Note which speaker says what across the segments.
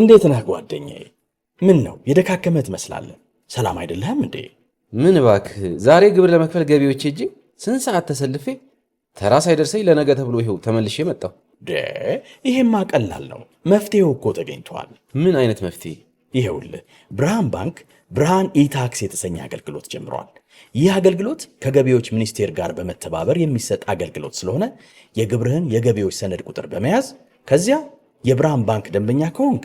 Speaker 1: እንዴት ነህ ጓደኛዬ? ምን ነው የደካከመህ ትመስላለህ። ሰላም አይደለህም እንዴ?
Speaker 2: ምን እባክህ፣ ዛሬ ግብር ለመክፈል ገቢዎች እጅ ስንት ሰዓት ተሰልፌ ተራ ሳይደርሰኝ ለነገ ተብሎ ይኸው ተመልሼ መጣሁ።
Speaker 1: ይሄማ ቀላል ነው፣ መፍትሄው እኮ ተገኝቷል።
Speaker 2: ምን አይነት መፍትሄ?
Speaker 1: ይኸውልህ ብርሃን ባንክ ብርሃን ኢታክስ የተሰኘ አገልግሎት ጀምሯል። ይህ አገልግሎት ከገቢዎች ሚኒስቴር ጋር በመተባበር የሚሰጥ አገልግሎት ስለሆነ የግብርህን የገቢዎች ሰነድ ቁጥር በመያዝ ከዚያ የብርሃን ባንክ ደንበኛ ከሆንክ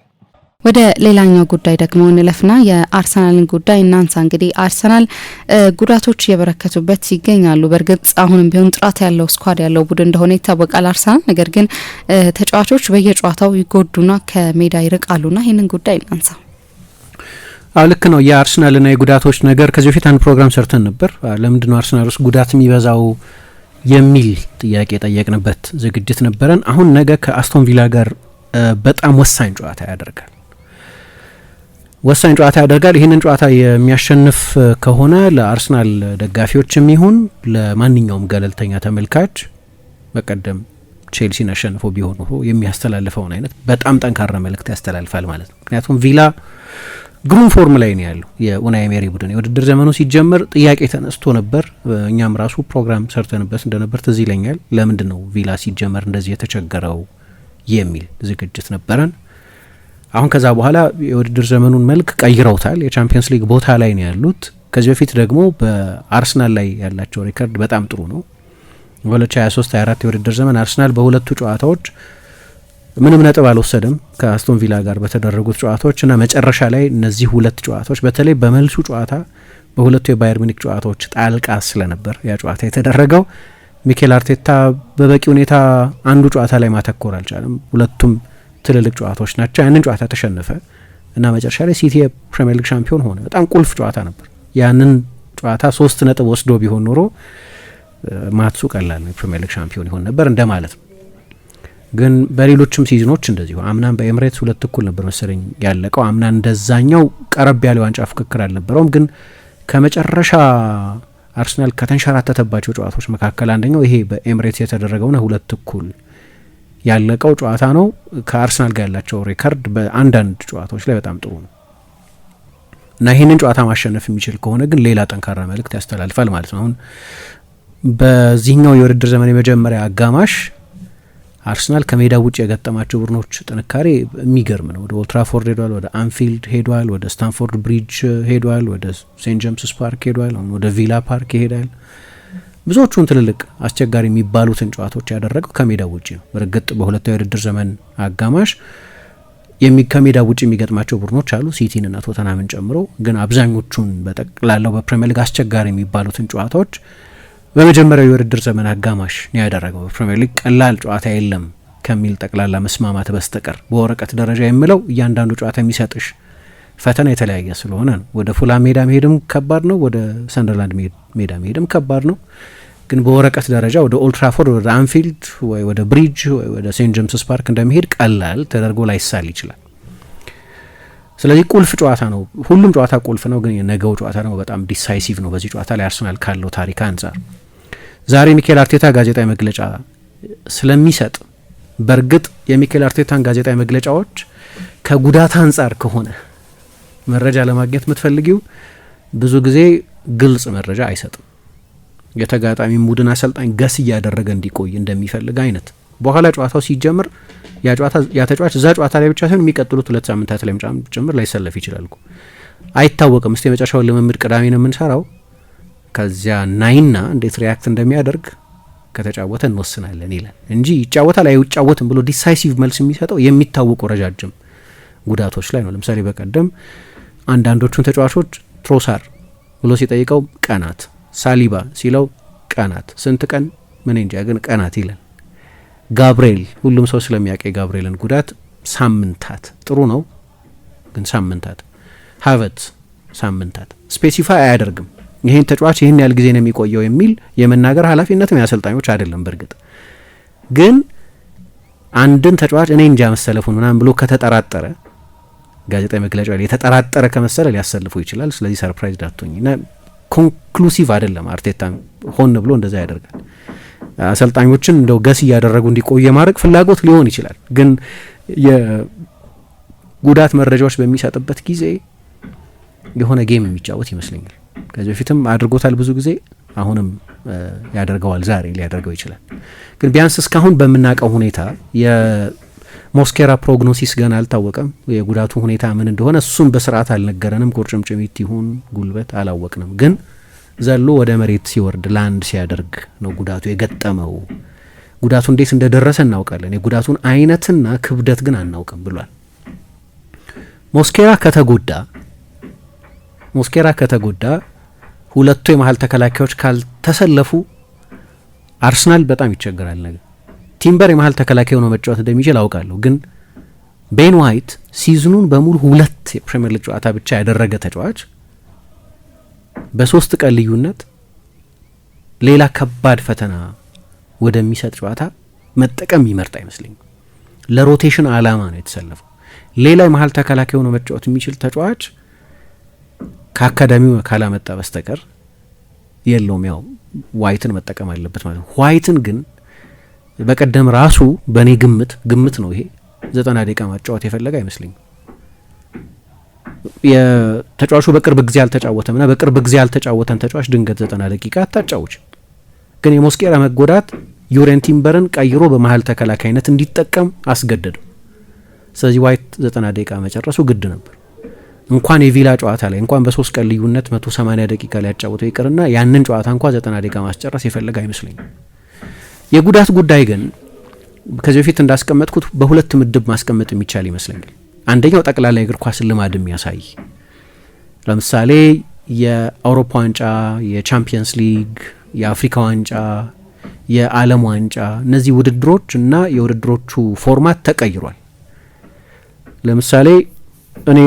Speaker 3: ወደ ሌላኛው ጉዳይ ደግሞ እንለፍና የአርሰናልን ጉዳይ እናንሳ። እንግዲህ አርሰናል ጉዳቶች እየበረከቱበት ይገኛሉ። በእርግጥ አሁንም ቢሆን ጥራት ያለው ስኳድ ያለው ቡድን እንደሆነ ይታወቃል አርሰናል። ነገር ግን ተጫዋቾች በየጨዋታው ይጎዱና ከሜዳ ይርቃሉና ይህንን ጉዳይ እናንሳ።
Speaker 4: አዎ ልክ ነው። የአርሰናልና የጉዳቶች ነገር ከዚህ በፊት አንድ ፕሮግራም ሰርተን ነበር። ለምንድነው አርሰናል ውስጥ ጉዳት የሚበዛው የሚል ጥያቄ የጠየቅንበት ዝግጅት ነበረን። አሁን ነገ ከአስቶን ቪላ ጋር በጣም ወሳኝ ጨዋታ ያደርጋል። ወሳኝ ጨዋታ ያደርጋል። ይህንን ጨዋታ የሚያሸንፍ ከሆነ ለአርሰናል ደጋፊዎችም ይሁን ለማንኛውም ገለልተኛ ተመልካች በቀደም ቼልሲን አሸንፎ ቢሆን የሚያስተላልፈውን አይነት በጣም ጠንካራ መልእክት ያስተላልፋል ማለት ነው። ምክንያቱም ቪላ ግሩም ፎርም ላይ ነው ያለው የኡናይ ኤመሪ ቡድን። የውድድር ዘመኑ ሲጀመር ጥያቄ ተነስቶ ነበር። እኛም ራሱ ፕሮግራም ሰርተንበት እንደነበር ትዝ ይለኛል። ለምንድን ነው ቪላ ሲጀመር እንደዚህ የተቸገረው የሚል ዝግጅት ነበረን። አሁን ከዛ በኋላ የውድድር ዘመኑን መልክ ቀይረውታል። የቻምፒየንስ ሊግ ቦታ ላይ ነው ያሉት። ከዚህ በፊት ደግሞ በአርሰናል ላይ ያላቸው ሪከርድ በጣም ጥሩ ነው። በ2023 24 የውድድር ዘመን አርሰናል በሁለቱ ጨዋታዎች ምንም ነጥብ አልወሰደም ከአስቶን ቪላ ጋር በተደረጉት ጨዋታዎች እና መጨረሻ ላይ እነዚህ ሁለት ጨዋታዎች በተለይ በመልሱ ጨዋታ በሁለቱ የባየር ሚኒክ ጨዋታዎች ጣልቃ ስለነበር ያ ጨዋታ የተደረገው ሚኬል አርቴታ በበቂ ሁኔታ አንዱ ጨዋታ ላይ ማተኮር አልቻለም። ሁለቱም ትልልቅ ጨዋታዎች ናቸው። ያንን ጨዋታ ተሸነፈ እና መጨረሻ ላይ ሲቲ የፕሪሚየር ሊግ ሻምፒዮን ሆነ። በጣም ቁልፍ ጨዋታ ነበር። ያንን ጨዋታ ሶስት ነጥብ ወስዶ ቢሆን ኖሮ ማትሱ ቀላል ነው፣ የፕሪሚየር ሊግ ሻምፒዮን ይሆን ነበር እንደማለት ነው። ግን በሌሎችም ሲዝኖች እንደዚሁ አምናን በኤምሬትስ ሁለት እኩል ነበር መሰለኝ ያለቀው። አምና እንደዛኛው ቀረብ ያለ ዋንጫ ፍክክር አልነበረውም። ግን ከመጨረሻ አርሰናል ከተንሸራተተባቸው ጨዋታዎች መካከል አንደኛው ይሄ በኤምሬትስ የተደረገውና ሁለት እኩል ያለቀው ጨዋታ ነው። ከአርሰናል ጋር ያላቸው ሬከርድ በአንዳንድ ጨዋታዎች ላይ በጣም ጥሩ ነው እና ይህንን ጨዋታ ማሸነፍ የሚችል ከሆነ ግን ሌላ ጠንካራ መልእክት ያስተላልፋል ማለት ነው። አሁን በዚህኛው የውድድር ዘመን የመጀመሪያ አጋማሽ አርሰናል ከሜዳ ውጭ የገጠማቸው ቡድኖች ጥንካሬ የሚገርም ነው። ወደ ኦልትራፎርድ ሄዷል፣ ወደ አንፊልድ ሄዷል፣ ወደ ስታንፎርድ ብሪጅ ሄዷል፣ ወደ ሴንት ጀምስስ ፓርክ ሄዷል፣ ወደ ቪላ ፓርክ ይሄዳል። ብዙዎቹን ትልልቅ አስቸጋሪ የሚባሉትን ጨዋታዎች ያደረገው ከሜዳ ውጭ ነው። በእርግጥ በሁለታዊ የውድድር ዘመን አጋማሽ ከሜዳ ውጭ የሚገጥማቸው ቡድኖች አሉ ሲቲንና ቶተናምን ጨምሮ፣ ግን አብዛኞቹን በጠቅላላው በፕሪሚየር ሊግ አስቸጋሪ የሚባሉትን ጨዋታዎች በመጀመሪያው የውድድር ዘመን አጋማሽ ነው ያደረገው። በፕሪሚየር ሊግ ቀላል ጨዋታ የለም ከሚል ጠቅላላ መስማማት በስተቀር በወረቀት ደረጃ የምለው እያንዳንዱ ጨዋታ የሚሰጥሽ ፈተና የተለያየ ስለሆነ ነው። ወደ ፉላም ሜዳ መሄድም ከባድ ነው። ወደ ሰንደርላንድ ሜዳ መሄድም ከባድ ነው። ግን በወረቀት ደረጃ ወደ ኦልትራፎርድ ወደ አንፊልድ ወይ ወደ ብሪጅ ወይ ወደ ሴንት ጀምስስ ፓርክ እንደመሄድ ቀላል ተደርጎ ላይሳል ይችላል። ስለዚህ ቁልፍ ጨዋታ ነው። ሁሉም ጨዋታ ቁልፍ ነው፣ ግን የነገው ጨዋታ ደግሞ በጣም ዲሳይሲቭ ነው። በዚህ ጨዋታ ላይ አርሰናል ካለው ታሪክ አንጻር ዛሬ ሚካኤል አርቴታ ጋዜጣዊ መግለጫ ስለሚሰጥ በእርግጥ የሚካኤል አርቴታን ጋዜጣዊ መግለጫዎች ከጉዳት አንጻር ከሆነ መረጃ ለማግኘት የምትፈልጊው ብዙ ጊዜ ግልጽ መረጃ አይሰጥም። የተጋጣሚ ቡድን አሰልጣኝ ገስ እያደረገ እንዲቆይ እንደሚፈልግ አይነት በኋላ ጨዋታው ሲጀምር ያ ተጫዋች እዛ ጨዋታ ላይ ብቻ ሳይሆን የሚቀጥሉት ሁለት ሳምንታት ላይ ጭምር ላይሰለፍ ይችላል። አይታወቅም። እስቲ የመጨረሻውን ልምምድ ቅዳሜ ነው የምንሰራው። ከዚያ ናይና እንዴት ሪያክት እንደሚያደርግ ከተጫወተ እንወስናለን ይላል እንጂ ይጫወታል አይጫወትም ብሎ ዲሳይሲቭ መልስ የሚሰጠው የሚታወቁ ረጃጅም ጉዳቶች ላይ ነው። ለምሳሌ በቀደም አንዳንዶቹን ተጫዋቾች ትሮሳር ብሎ ሲጠይቀው ቀናት፣ ሳሊባ ሲለው ቀናት፣ ስንት ቀን ምን እንጃ ግን ቀናት ይላል። ጋብርኤል ሁሉም ሰው ስለሚያውቅ የጋብርኤልን ጉዳት ሳምንታት ጥሩ ነው ግን ሳምንታት፣ ሀቨት ሳምንታት ስፔሲፋይ አያደርግም። ይህን ተጫዋች ይህን ያህል ጊዜ ነው የሚቆየው የሚል የመናገር ኃላፊነትም የአሰልጣኞች አይደለም። በእርግጥ ግን አንድን ተጫዋች እኔ እንጃ መሰለፉን ምናምን ብሎ ከተጠራጠረ ጋዜጣዊ መግለጫ ላይ የተጠራጠረ ከመሰለ ሊያሰልፉ ይችላል። ስለዚህ ሰርፕራይዝ ዳቶኝ እና ኮንክሉሲቭ አይደለም። አርቴታ ሆን ብሎ እንደዛ ያደርጋል። አሰልጣኞችን እንደው ገስ እያደረጉ እንዲቆየ ማድረግ ፍላጎት ሊሆን ይችላል። ግን የጉዳት መረጃዎች በሚሰጥበት ጊዜ የሆነ ጌም የሚጫወት ይመስለኛል። ከዚህ በፊትም አድርጎታል ብዙ ጊዜ፣ አሁንም ያደርገዋል። ዛሬ ሊያደርገው ይችላል። ግን ቢያንስ እስካሁን በምናውቀው ሁኔታ ሞስኬራ ፕሮግኖሲስ ገና አልታወቀም። የጉዳቱ ሁኔታ ምን እንደሆነ እሱም በስርዓት አልነገረንም። ቁርጭምጭሚት ይሁን ጉልበት አላወቅንም። ግን ዘሎ ወደ መሬት ሲወርድ ላንድ ሲያደርግ ነው ጉዳቱ የገጠመው። ጉዳቱ እንዴት እንደደረሰ እናውቃለን። የጉዳቱን አይነትና ክብደት ግን አናውቅም ብሏል። ሞስኬራ ከተጎዳ ሞስኬራ ከተጎዳ ሁለቱ የመሀል ተከላካዮች ካልተሰለፉ አርሰናል በጣም ይቸግራል ነገር ቲምበር የመሀል ተከላካይ ሆኖ መጫወት እንደሚችል አውቃለሁ፣ ግን ቤን ዋይት ሲዝኑን በሙሉ ሁለት የፕሪምየር ሊግ ጨዋታ ብቻ ያደረገ ተጫዋች በሶስት ቀን ልዩነት ሌላ ከባድ ፈተና ወደሚሰጥ ጨዋታ መጠቀም ይመርጥ አይመስለኝም። ለሮቴሽን አላማ ነው የተሰለፈው። ሌላ የመሀል ተከላካይ ሆኖ መጫወት የሚችል ተጫዋች ከአካዳሚው ካላመጣ በስተቀር የለውም። ያው ዋይትን መጠቀም አለበት ማለት ነው። ዋይትን ግን በቀደም ራሱ በእኔ ግምት ግምት ነው ይሄ ዘጠና ደቂቃ ማጫወት የፈለገ አይመስለኝም። የተጫዋቹ በቅርብ ጊዜ አልተጫወተም ና በቅርብ ጊዜ አልተጫወተን ተጫዋች ድንገት ዘጠና ደቂቃ አታጫውች። ግን የሞስቄራ መጎዳት ዩሬን ቲምበርን ቀይሮ በመሀል ተከላካይነት እንዲጠቀም አስገደደው። ስለዚህ ዋይት ዘጠና ደቂቃ መጨረሱ ግድ ነበር። እንኳን የቪላ ጨዋታ ላይ እንኳን በሶስት ቀን ልዩነት መቶ ሰማኒያ ደቂቃ ሊያጫወተው ይቅርና ያንን ጨዋታ እንኳ ዘጠና ደቂቃ ማስጨረስ የፈለገ አይመስለኝም። የጉዳት ጉዳይ ግን ከዚህ በፊት እንዳስቀመጥኩት በሁለት ምድብ ማስቀመጥ የሚቻል ይመስለኛል። አንደኛው ጠቅላላ የእግር ኳስ ልማድ የሚያሳይ ለምሳሌ የአውሮፓ ዋንጫ፣ የቻምፒየንስ ሊግ፣ የአፍሪካ ዋንጫ፣ የዓለም ዋንጫ እነዚህ ውድድሮች እና የውድድሮቹ ፎርማት ተቀይሯል። ለምሳሌ እኔ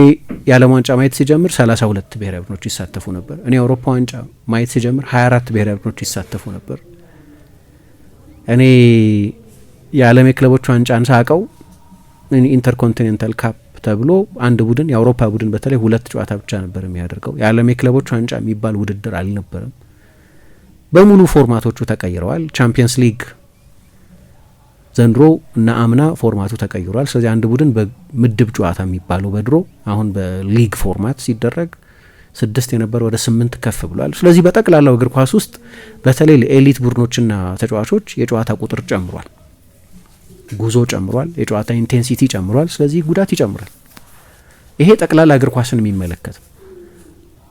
Speaker 4: የዓለም ዋንጫ ማየት ሲጀምር 32 ብሔራዊ ቡድኖች ይሳተፉ ነበር። እኔ የአውሮፓ ዋንጫ ማየት ሲጀምር 24 ብሔራዊ ቡድኖች ይሳተፉ ነበር። እኔ የዓለም የክለቦች ዋንጫን ሳቀው ኢንተርኮንቲኔንታል ካፕ ተብሎ አንድ ቡድን የአውሮፓ ቡድን በተለይ ሁለት ጨዋታ ብቻ ነበር የሚያደርገው። የዓለም የክለቦች ዋንጫ የሚባል ውድድር አልነበረም። በሙሉ ፎርማቶቹ ተቀይረዋል። ቻምፒየንስ ሊግ ዘንድሮ እና አምና ፎርማቱ ተቀይሯል። ስለዚህ አንድ ቡድን በምድብ ጨዋታ የሚባለው በድሮ አሁን በሊግ ፎርማት ሲደረግ ስድስት የነበረ ወደ ስምንት ከፍ ብሏል። ስለዚህ በጠቅላላው እግር ኳስ ውስጥ በተለይ ለኤሊት ቡድኖችና ተጫዋቾች የጨዋታ ቁጥር ጨምሯል፣ ጉዞ ጨምሯል፣ የጨዋታ ኢንቴንሲቲ ጨምሯል። ስለዚህ ጉዳት ይጨምራል። ይሄ ጠቅላላ እግር ኳስን የሚመለከት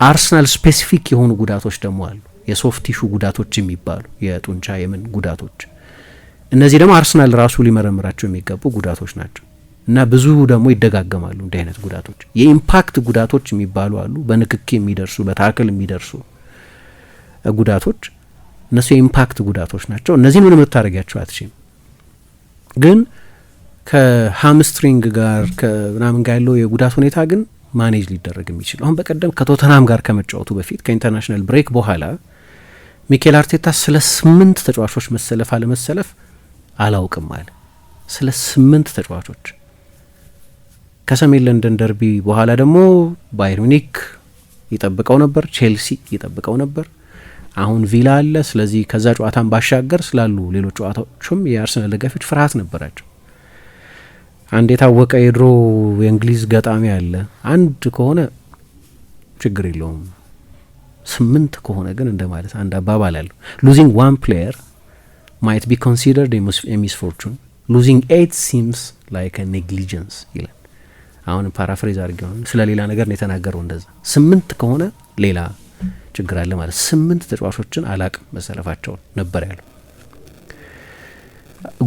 Speaker 4: አርሰናል ስፔሲፊክ የሆኑ ጉዳቶች ደግሞ አሉ። የሶፍት ቲሹ ጉዳቶች የሚባሉ የጡንቻ የምን ጉዳቶች፣ እነዚህ ደግሞ አርሰናል ራሱ ሊመረምራቸው የሚገቡ ጉዳቶች ናቸው። እና ብዙ ደግሞ ይደጋገማሉ እንዲህ አይነት ጉዳቶች። የኢምፓክት ጉዳቶች የሚባሉ አሉ፣ በንክኪ የሚደርሱ በታክል የሚደርሱ ጉዳቶች። እነሱ የኢምፓክት ጉዳቶች ናቸው። እነዚህን ምንም ልታደርጊያቸው አትችም። ግን ከሀምስትሪንግ ጋር ከምናምን ጋር ያለው የጉዳት ሁኔታ ግን ማኔጅ ሊደረግ የሚችል አሁን በቀደም ከቶተናም ጋር ከመጫወቱ በፊት ከኢንተርናሽናል ብሬክ በኋላ ሚኬል አርቴታ ስለ ስምንት ተጫዋቾች መሰለፍ አለመሰለፍ አላውቅም አለ። ስለ ስምንት ተጫዋቾች ከሰሜን ለንደን ደርቢ በኋላ ደግሞ ባየር ሚኒክ ይጠብቀው ነበር፣ ቼልሲ ይጠብቀው ነበር፣ አሁን ቪላ አለ። ስለዚህ ከዛ ጨዋታን ባሻገር ስላሉ ሌሎች ጨዋታዎችም የአርሰናል ደጋፊዎች ፍርሃት ነበራቸው። አንድ የታወቀ የድሮ የእንግሊዝ ገጣሚ አለ። አንድ ከሆነ ችግር የለውም፣ ስምንት ከሆነ ግን ማለት አንድ አባባል አለው። ሉዚንግ ዋን ፕሌየር ማይት ቢ ኮንሲደርድ የሚስፎርቹን ሉዚንግ ኤት ሲምስ ላይክ ኔግሊጀንስ ይላል። አሁን ፓራፍሬዝ አድርገ ስለ ሌላ ነገር ነው የተናገረው። እንደዛ ስምንት ከሆነ ሌላ ችግር አለ ማለት ስምንት ተጫዋቾችን አላቅም መሰለፋቸው ነበር ያለው።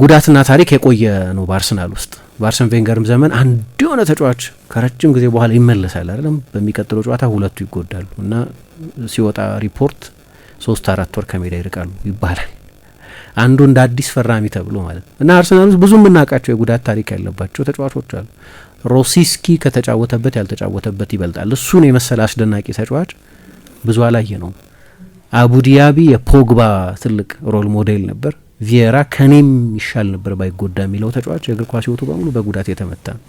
Speaker 4: ጉዳትና ታሪክ የቆየ ነው በአርሰናል ውስጥ በአርሰን ቬንገርም ዘመን አንድ የሆነ ተጫዋች ከረጅም ጊዜ በኋላ ይመለሳል አይደለም። በሚቀጥለው ጨዋታ ሁለቱ ይጎዳሉ እና ሲወጣ ሪፖርት ሶስት አራት ወር ከሜዳ ይርቃሉ ይባላል። አንዱ እንደ አዲስ ፈራሚ ተብሎ ማለት ነው እና አርሰናል ውስጥ ብዙ የምናውቃቸው የጉዳት ታሪክ ያለባቸው ተጫዋቾች አሉ። ሮሲስኪ ከተጫወተበት ያልተጫወተበት ይበልጣል። እሱን የመሰለ አስደናቂ ተጫዋች ብዙ አላየ ነው። አቡዲያቢ የፖግባ ትልቅ ሮል ሞዴል ነበር። ቪየራ ከኔም ይሻል ነበር ባይጎዳ የሚለው ተጫዋች የእግር ኳስ ህይወቱ በሙሉ በጉዳት የተመታ ነው።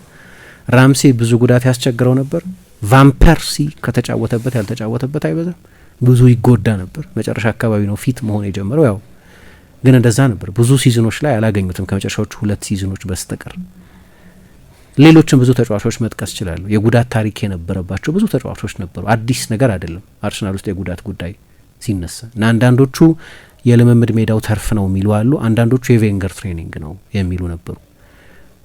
Speaker 4: ራምሴ ብዙ ጉዳት ያስቸግረው ነበር። ቫምፐርሲ ከተጫወተበት ያልተጫወተበት አይበዛም። ብዙ ይጎዳ ነበር። መጨረሻ አካባቢ ነው ፊት መሆን የጀመረው ያው ግን እንደዛ ነበር። ብዙ ሲዝኖች ላይ አላገኙትም ከመጨረሻዎቹ ሁለት ሲዝኖች በስተቀር። ሌሎችም ብዙ ተጫዋቾች መጥቀስ ይችላሉ። የጉዳት ታሪክ የነበረባቸው ብዙ ተጫዋቾች ነበሩ። አዲስ ነገር አይደለም አርሰናል ውስጥ የጉዳት ጉዳይ ሲነሳ እና አንዳንዶቹ የልምምድ ሜዳው ተርፍ ነው የሚሉ አሉ። አንዳንዶቹ የቬንገር ትሬኒንግ ነው የሚሉ ነበሩ።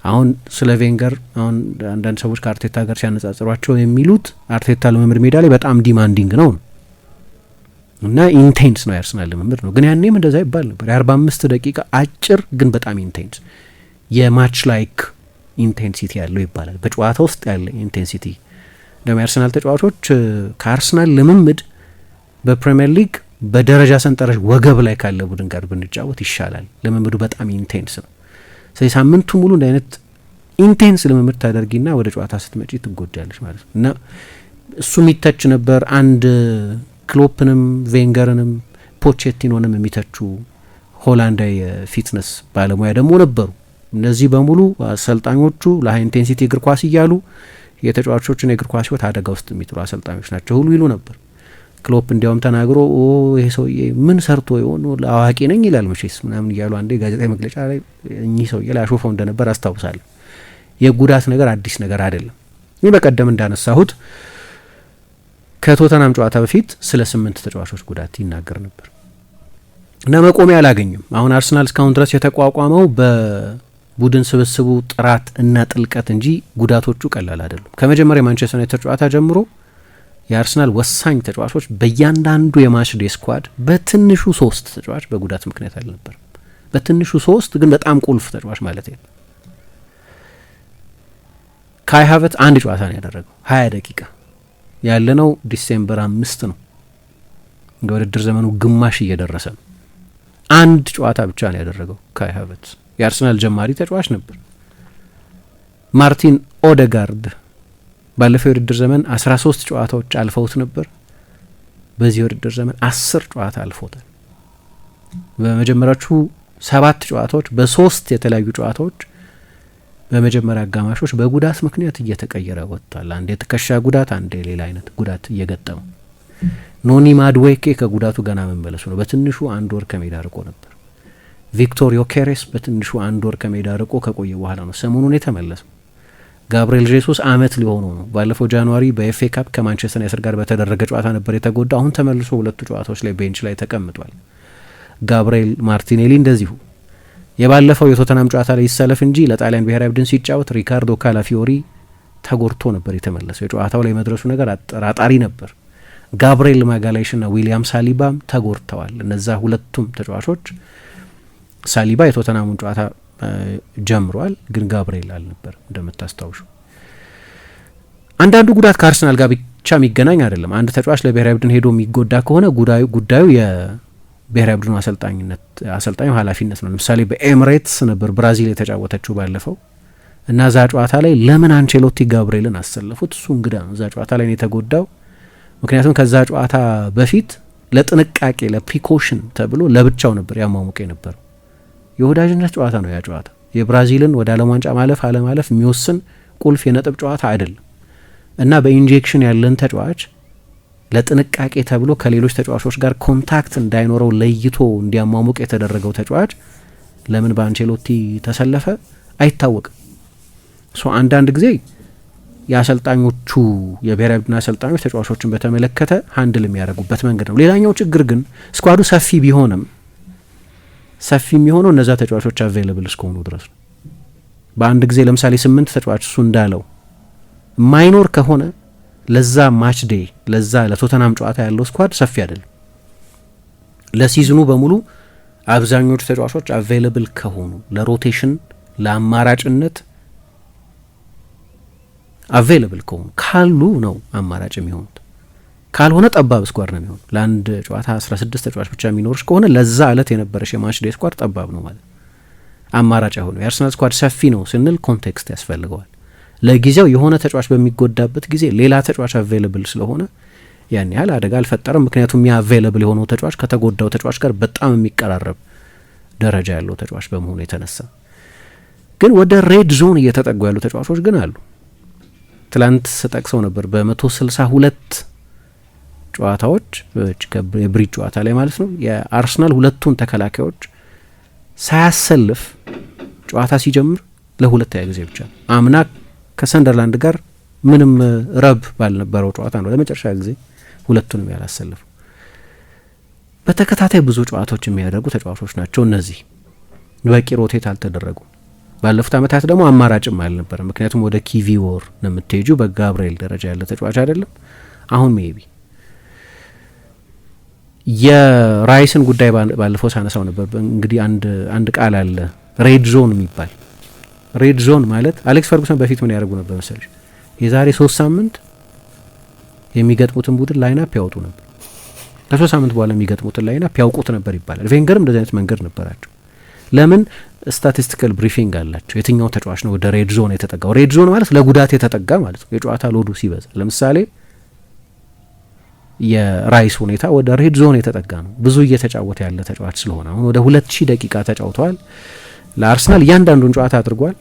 Speaker 4: አሁን ስለ ቬንገር አሁን አንዳንድ ሰዎች ከአርቴታ ጋር ሲያነጻጽሯቸው የሚሉት አርቴታ ልምምድ ሜዳ ላይ በጣም ዲማንዲንግ ነው ነው እና ኢንቴንስ ነው የአርሰናል ልምምድ ነው። ግን ያኔም እንደዛ ይባል ነበር። የአርባ አምስት ደቂቃ አጭር ግን በጣም ኢንቴንስ የማች ላይክ ኢንቴንሲቲ ያለው ይባላል። በጨዋታ ውስጥ ያለ ኢንቴንሲቲ እንደውም የአርሰናል ተጫዋቾች ከአርሰናል ልምምድ በፕሪምየር ሊግ በደረጃ ሰንጠረዥ ወገብ ላይ ካለ ቡድን ጋር ብንጫወት ይሻላል። ልምምዱ በጣም ኢንቴንስ ነው። ስለዚህ ሳምንቱ ሙሉ እንደ አይነት ኢንቴንስ ልምምድ ታደርጊና ወደ ጨዋታ ስትመጪ ትጎዳለች ማለት ነው እና እሱ የሚተች ነበር አንድ ክሎፕንም ቬንገርንም ፖቼቲኖንም የሚተቹ ሆላንዳዊ የፊትነስ ባለሙያ ደግሞ ነበሩ። እነዚህ በሙሉ አሰልጣኞቹ ለሀይ ኢንቴንሲቲ እግር ኳስ እያሉ የተጫዋቾችን የእግር ኳስ ሕይወት አደጋ ውስጥ የሚጥሉ አሰልጣኞች ናቸው ሁሉ ይሉ ነበር። ክሎፕ እንዲያውም ተናግሮ ይሄ ሰውዬ ምን ሰርቶ የሆኑ አዋቂ ነኝ ይላል መቼስ ምናምን እያሉ አንዴ ጋዜጣዊ መግለጫ ላይ እኚህ ሰውዬ ላይ አሾፈው እንደነበር አስታውሳለሁ። የጉዳት ነገር አዲስ ነገር አይደለም። ይህ በቀደም እንዳነሳሁት ከቶተናም ጨዋታ በፊት ስለ ስምንት ተጫዋቾች ጉዳት ይናገር ነበር እና መቆሚያ አላገኝም። አሁን አርሰናል እስካሁን ድረስ የተቋቋመው በቡድን ስብስቡ ጥራት እና ጥልቀት እንጂ ጉዳቶቹ ቀላል አይደሉም። ከመጀመሪያ የማንቸስተር ዩናይትድ ጨዋታ ጀምሮ የአርሰናል ወሳኝ ተጫዋቾች በእያንዳንዱ የማችዴ ስኳድ በትንሹ ሶስት ተጫዋች በጉዳት ምክንያት አልነበርም። በትንሹ ሶስት ግን በጣም ቁልፍ ተጫዋች ማለት ነው። ካይ ሃቨርትዝ አንድ ጨዋታ ነው ያደረገው ሀያ ደቂቃ ያለነው ዲሴምበር አምስት ነው። የውድድር ዘመኑ ግማሽ እየደረሰ ነው። አንድ ጨዋታ ብቻ ነው ያደረገው ካይ የአርሰናል ጀማሪ ተጫዋች ነበር። ማርቲን ኦደጋርድ ባለፈው የውድድር ዘመን አስራ ሶስት ጨዋታዎች አልፈውት ነበር። በዚህ የውድድር ዘመን አስር ጨዋታ አልፎታል። በመጀመሪያዎቹ ሰባት ጨዋታዎች በሶስት የተለያዩ ጨዋታዎች በመጀመሪያ አጋማሾች በጉዳት ምክንያት እየተቀየረ ወጥቷል። አንድ የትከሻ ጉዳት፣ አንድ ሌላ አይነት ጉዳት እየገጠሙ ኖኒ ማድዌኬ ከጉዳቱ ገና መመለሱ ነው። በትንሹ አንድ ወር ከሜዳ ርቆ ነበር። ቪክቶር ዮኬሬስ በትንሹ አንድ ወር ከሜዳ ርቆ ከቆየ በኋላ ነው ሰሞኑን የተመለሰው። ጋብርኤል ጄሱስ አመት ሊሆኑ ነው። ባለፈው ጃንዋሪ በኤፍኤ ካፕ ከማንቸስተር ዩናይትድ ጋር በተደረገ ጨዋታ ነበር የተጎዳ። አሁን ተመልሶ ሁለቱ ጨዋታዎች ላይ ቤንች ላይ ተቀምጧል። ጋብርኤል ማርቲኔሊ እንደዚሁ የባለፈው የቶተናም ጨዋታ ላይ ይሰለፍ እንጂ ለጣሊያን ብሔራዊ ቡድን ሲጫወት ሪካርዶ ካላፊዮሪ ተጎድቶ ነበር የተመለሰው። የጨዋታው ላይ መድረሱ ነገር አጠራጣሪ ነበር። ጋብርኤል ማጋላይሽና ዊሊያም ሳሊባም ተጎድተዋል። እነዛ ሁለቱም ተጫዋቾች ሳሊባ የቶተናሙን ጨዋታ ጀምሯል፣ ግን ጋብርኤል አልነበር እንደምታስታውሹ። አንዳንዱ ጉዳት ከአርሰናል ጋር ብቻ የሚገናኝ አይደለም። አንድ ተጫዋች ለብሔራዊ ቡድን ሄዶ የሚጎዳ ከሆነ ጉዳዩ ብሔራዊ ቡድኑ አሰልጣኝነት አሰልጣኙ ኃላፊነት ነው። ለምሳሌ በኤምሬትስ ነበር ብራዚል የተጫወተችው ባለፈው እና እዛ ጨዋታ ላይ ለምን አንቸሎቲ ጋብርኤልን አሰለፉት? እሱ እንግዳ ነው። እዛ ጨዋታ ላይ ነው የተጎዳው። ምክንያቱም ከዛ ጨዋታ በፊት ለጥንቃቄ ለፕሪኮሽን ተብሎ ለብቻው ነበር ያሟሙቅ የነበረው። የወዳጅነት ጨዋታ ነው ያ ጨዋታ። የብራዚልን ወደ ዓለም ዋንጫ ማለፍ አለማለፍ የሚወስን ቁልፍ የነጥብ ጨዋታ አይደለም እና በኢንጀክሽን ያለን ተጫዋች ለጥንቃቄ ተብሎ ከሌሎች ተጫዋቾች ጋር ኮንታክት እንዳይኖረው ለይቶ እንዲያሟሙቅ የተደረገው ተጫዋች ለምን በአንቸሎቲ ተሰለፈ አይታወቅም። ሶ አንዳንድ ጊዜ የአሰልጣኞቹ የብሔራዊ ቡድን አሰልጣኞች ተጫዋቾችን በተመለከተ ሀንድል የሚያደርጉበት መንገድ ነው። ሌላኛው ችግር ግን ስኳዱ ሰፊ ቢሆንም ሰፊ የሚሆነው እነዛ ተጫዋቾች አቬይለብል እስከሆኑ ድረስ ነው። በአንድ ጊዜ ለምሳሌ ስምንት ተጫዋች እሱ እንዳለው የማይኖር ከሆነ ለዛ ማች ዴይ ለዛ ለቶተናም ጨዋታ ያለው ስኳድ ሰፊ አይደለም። ለሲዝኑ በሙሉ አብዛኞቹ ተጫዋቾች አቬይለብል ከሆኑ ለሮቴሽን ለአማራጭነት አቬይለብል ከሆኑ ካሉ ነው አማራጭ የሚሆኑት። ካልሆነ ጠባብ ስኳድ ነው የሚሆኑ። ለአንድ ጨዋታ 16 ተጫዋች ብቻ የሚኖርሽ ከሆነ ለዛ እለት የነበረሽ የማች ዴይ ስኳድ ጠባብ ነው ማለት አማራጭ አይሆኑ። የአርሰናል ስኳድ ሰፊ ነው ስንል ኮንቴክስት ያስፈልገዋል። ለጊዜው የሆነ ተጫዋች በሚጎዳበት ጊዜ ሌላ ተጫዋች አቬለብል ስለሆነ ያን ያህል አደጋ አልፈጠረም። ምክንያቱም ያ አቬለብል የሆነው ተጫዋች ከተጎዳው ተጫዋች ጋር በጣም የሚቀራረብ ደረጃ ያለው ተጫዋች በመሆኑ የተነሳ ግን ወደ ሬድ ዞን እየተጠጉ ያሉ ተጫዋቾች ግን አሉ። ትላንት ስጠቅሰው ነበር በመቶ ስልሳ ሁለት ጨዋታዎች የብሪጅ ጨዋታ ላይ ማለት ነው የአርሰናል ሁለቱን ተከላካዮች ሳያሰልፍ ጨዋታ ሲጀምር ለሁለተኛ ጊዜ ብቻ ነው አምና ከሰንደርላንድ ጋር ምንም ረብ ባልነበረው ጨዋታ ነው ለመጨረሻ ጊዜ ሁለቱንም ያላሰለፈው። በተከታታይ ብዙ ጨዋታዎች የሚያደርጉ ተጫዋቾች ናቸው እነዚህ። በቂ ሮቴት አልተደረጉ። ባለፉት አመታት ደግሞ አማራጭም አልነበረም። ምክንያቱም ወደ ወር ነው የምትሄጁ። በጋብርኤል ደረጃ ያለ ተጫዋች አይደለም። አሁን ሜቢ የራይስን ጉዳይ ባለፈው ሳነሳው ነበር። እንግዲህ አንድ ቃል አለ ሬድ ዞን የሚባል ሬድ ዞን ማለት አሌክስ ፈርጉሰን በፊት ምን ያደርጉ ነበር መሰለሽ? የዛሬ ሶስት ሳምንት የሚገጥሙትን ቡድን ላይናፕ ያወጡ ነበር። ከሶስት ሳምንት በኋላ የሚገጥሙትን ላይናፕ ያውቁት ነበር ይባላል። ቬንገርም እንደዚህ አይነት መንገድ ነበራቸው። ለምን ስታቲስቲካል ብሪፊንግ አላቸው። የትኛው ተጫዋች ነው ወደ ሬድ ዞን የተጠጋው? ሬድ ዞን ማለት ለጉዳት የተጠጋ ማለት ነው። የጨዋታ ሎዱ ሲበዛ፣ ለምሳሌ የራይስ ሁኔታ ወደ ሬድ ዞን የተጠጋ ነው። ብዙ እየተጫወተ ያለ ተጫዋች ስለሆነ አሁን ወደ ሁለት ሺህ ደቂቃ ተጫውተዋል። ለአርሰናል እያንዳንዱን ጨዋታ አድርጓል።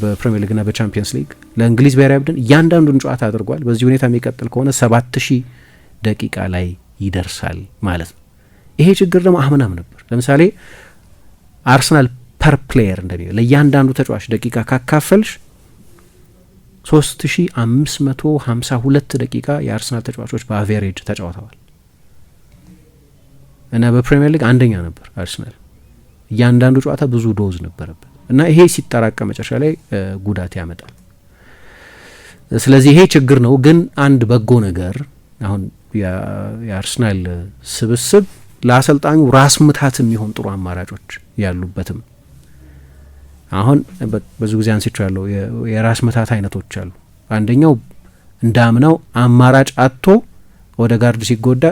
Speaker 4: በፕሪሚየር ሊግና በቻምፒየንስ ሊግ ለእንግሊዝ ብሔራዊ ቡድን እያንዳንዱን ጨዋታ አድርጓል። በዚህ ሁኔታ የሚቀጥል ከሆነ ሰባት ሺህ ደቂቃ ላይ ይደርሳል ማለት ነው። ይሄ ችግር ደግሞ አምናም ነበር። ለምሳሌ አርሰናል ፐር ፕሌየር እንደሚ ለእያንዳንዱ ተጫዋች ደቂቃ ካካፈልሽ 3552 ደቂቃ የአርሰናል ተጫዋቾች በአቬሬጅ ተጫውተዋል እና በፕሪሚየር ሊግ አንደኛ ነበር አርሰናል። እያንዳንዱ ጨዋታ ብዙ ዶዝ ነበረበት። እና ይሄ ሲጠራቀም መጨረሻ ላይ ጉዳት ያመጣል። ስለዚህ ይሄ ችግር ነው። ግን አንድ በጎ ነገር አሁን የአርሰናል ስብስብ ለአሰልጣኙ ራስ ምታት የሚሆን ጥሩ አማራጮች ያሉበትም አሁን ብዙ ጊዜ አንስቸው ያለው የራስ ምታት አይነቶች አሉ። አንደኛው እንዳምናው አማራጭ አጥቶ ጋርድ ሲጎዳ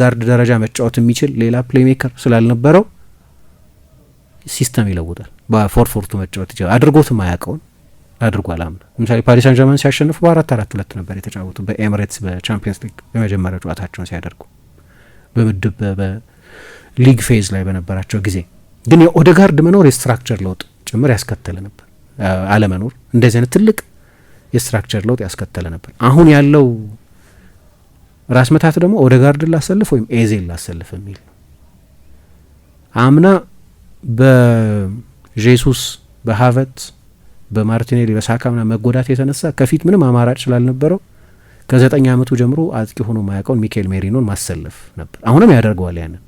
Speaker 4: ጋርድ ደረጃ መጫወት የሚችል ሌላ ፕሌሜከር ስላልነበረው ሲስተም ይለውጣል። በፎር ፎርቱ መጫወት ይችላል። አድርጎትም አያውቀውን አድርጓል። አምና ለምሳሌ ፓሪስ ሳን ጀርመን ሲያሸንፉ በአራት አራት ሁለት ነበር የተጫወቱ በኤምሬትስ በቻምፒየንስ ሊግ የመጀመሪያ ጨዋታቸውን ሲያደርጉ በምድብ በሊግ ፌዝ ላይ በነበራቸው ጊዜ ግን የኦደጋርድ መኖር የስትራክቸር ለውጥ ጭምር ያስከተለ ነበር። አለመኖር እንደዚህ አይነት ትልቅ የስትራክቸር ለውጥ ያስከተለ ነበር። አሁን ያለው ራስ መታት ደግሞ ኦደጋርድን ላሰልፍ ወይም ኤዜን ላሰልፍ የሚል አምና በጄሱስ በሀቨት በማርቲኔሊ በሳካ መጎዳት የተነሳ ከፊት ምንም አማራጭ ስላልነበረው ከዘጠኝ ዓመቱ ጀምሮ አጥቂ ሆኖ ማያውቀውን ሚካኤል ሜሪኖን ማሰለፍ ነበር። አሁንም ያደርገዋል። ያንን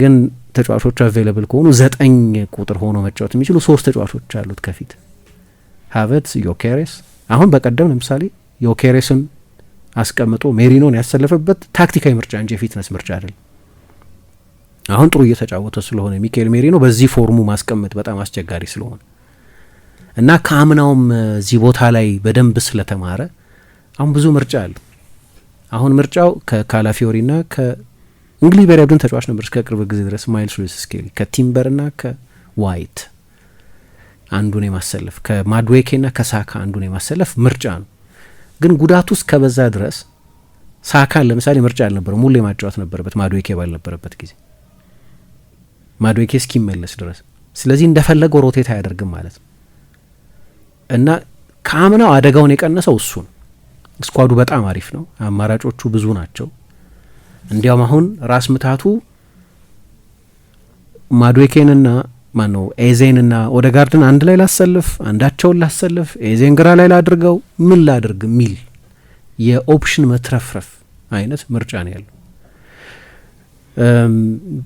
Speaker 4: ግን ተጫዋቾቹ አቬይለብል ከሆኑ ዘጠኝ ቁጥር ሆኖ መጫወት የሚችሉ ሶስት ተጫዋቾች አሉት ከፊት ሀቨት፣ ዮኬሬስ። አሁን በቀደም ለምሳሌ ዮኬሬስን አስቀምጦ ሜሪኖን ያሰለፈበት ታክቲካዊ ምርጫ እንጂ የፊትነስ ምርጫ አይደለም። አሁን ጥሩ እየተጫወተ ስለሆነ ሚካኤል ሜሪኖ በዚህ ፎርሙ ማስቀመጥ በጣም አስቸጋሪ ስለሆነ እና ከአምናውም እዚህ ቦታ ላይ በደንብ ስለተማረ አሁን ብዙ ምርጫ አለ። አሁን ምርጫው ከካላፊዮሪና ከእንግሊዝ ብሔራዊ ቡድን ተጫዋች ነበር እስከ ቅርብ ጊዜ ድረስ ማይልስ ሉዊስ ስኬሊ፣ ከቲምበርና ከዋይት አንዱን የማሰለፍ ከማድዌኬና ከሳካ አንዱን የማሰለፍ ምርጫ ነው። ግን ጉዳቱ እስከበዛ ድረስ ሳካን ለምሳሌ ምርጫ አልነበረ ሙሌ የማጫወት ነበረበት ማድዌኬ ባልነበረበት ጊዜ ማዶኬ እስኪመለስ ድረስ። ስለዚህ እንደፈለገው ሮቴት አያደርግም ማለት ነው እና ከአምናው አደጋውን የቀነሰው እሱ ነው። ስኳዱ በጣም አሪፍ ነው። አማራጮቹ ብዙ ናቸው። እንዲያውም አሁን ራስ ምታቱ ማዶኬንና ነው ኤዜንና ኦደጋርድን አንድ ላይ ላሰልፍ፣ አንዳቸውን ላሰልፍ፣ ኤዜን ግራ ላይ ላድርገው፣ ምን ላድርግ የሚል የኦፕሽን መትረፍረፍ አይነት ምርጫ ነው ያለው።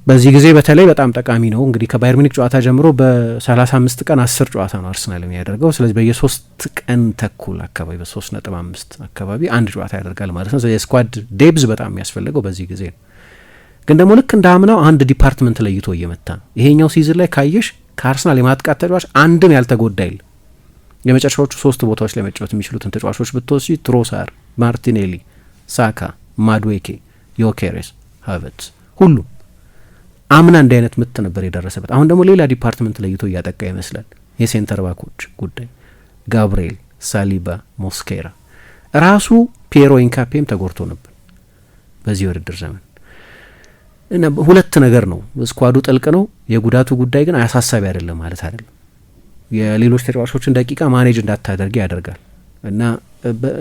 Speaker 4: በዚህ ጊዜ በተለይ በጣም ጠቃሚ ነው። እንግዲህ ከባየር ሚኒክ ጨዋታ ጀምሮ በ35 ቀን አስር ጨዋታ ነው አርሰናል የሚያደርገው። ስለዚህ በየሶስት ቀን ተኩል አካባቢ በሶስት ነጥብ አካባቢ አንድ ጨዋታ ያደርጋል ማለት ነው። ስለዚህ የስኳድ ዴብዝ በጣም የሚያስፈልገው በዚህ ጊዜ ነው። ግን ደግሞ ልክ እንደ አምናው አንድ ዲፓርትመንት ለይቶ እየመታ ነው። ይሄኛው ሲዝን ላይ ካየሽ ከአርሰናል የማጥቃት ተጫዋች አንድም ያልተጎዳ የለ። የመጨረሻዎቹ ሶስት ቦታዎች ላይ መጫወት የሚችሉትን ተጫዋቾች ብትወስጂ ትሮሳር፣ ማርቲኔሊ፣ ሳካ፣ ማድዌኬ፣ ዮኬሬስ፣ ሀቨርትዝ ሁሉም አምና እንዲህ አይነት ምት ነበር የደረሰበት። አሁን ደግሞ ሌላ ዲፓርትመንት ለይቶ እያጠቃ ይመስላል። የሴንተር ባኮች ጉዳይ ጋብርኤል፣ ሳሊባ፣ ሞስኬራ ራሱ ፒየሮ ኢንካፔም ተጎድቶ ነበር በዚህ ውድድር ዘመን። ሁለት ነገር ነው ስኳዱ ጥልቅ ነው። የጉዳቱ ጉዳይ ግን አሳሳቢ አይደለም ማለት አይደለም። የሌሎች ተጫዋቾችን ደቂቃ ማኔጅ እንዳታደርግ ያደርጋል። እና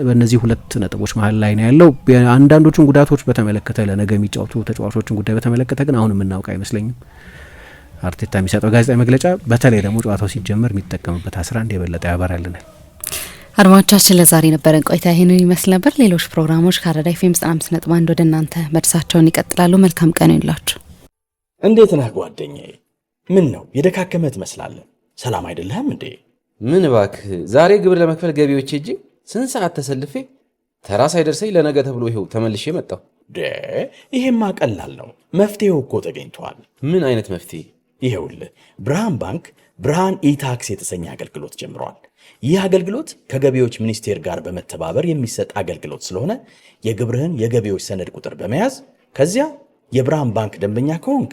Speaker 4: በእነዚህ ሁለት ነጥቦች መሀል ላይ ነው ያለው። አንዳንዶቹን ጉዳቶች በተመለከተ ለነገ የሚጫወቱ ተጫዋቾችን ጉዳይ በተመለከተ ግን አሁን የምናውቅ አይመስለኝም። አርቴታ የሚሰጠው ጋዜጣዊ መግለጫ በተለይ ደግሞ ጨዋታው ሲጀመር የሚጠቀምበት አስራ አንድ የበለጠ ያበራልናል።
Speaker 3: አድማጮቻችን ለዛሬ ነበረን ቆይታ ይህንን ይመስል ነበር። ሌሎች ፕሮግራሞች ከአራዳ ኤፍ ኤም ዘጠና አምስት ነጥብ አንድ ወደ እናንተ መድሳቸውን ይቀጥላሉ። መልካም ቀን ይላችሁ።
Speaker 1: እንዴት ነህ ጓደኛዬ? ምን ነው የደካከመ ትመስላለህ። ሰላም አይደለህም እንዴ?
Speaker 2: ምን እባክህ ዛሬ ግብር ለመክፈል ገቢዎች ሄጄ ስንት ሰዓት ተሰልፌ ተራ ሳይደርሰኝ ለነገ ተብሎ ይኸው ተመልሼ መጣሁ።
Speaker 1: ይሄማ ቀላል ነው፣ መፍትሄው እኮ ተገኝቷል።
Speaker 2: ምን አይነት መፍትሄ?
Speaker 1: ይኸውልህ ብርሃን ባንክ ብርሃን ኢታክስ የተሰኘ አገልግሎት ጀምሯል። ይህ አገልግሎት ከገቢዎች ሚኒስቴር ጋር በመተባበር የሚሰጥ አገልግሎት ስለሆነ የግብርህን የገቢዎች ሰነድ ቁጥር በመያዝ ከዚያ የብርሃን ባንክ ደንበኛ ከሆንክ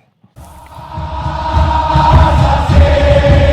Speaker 1: Passa ser.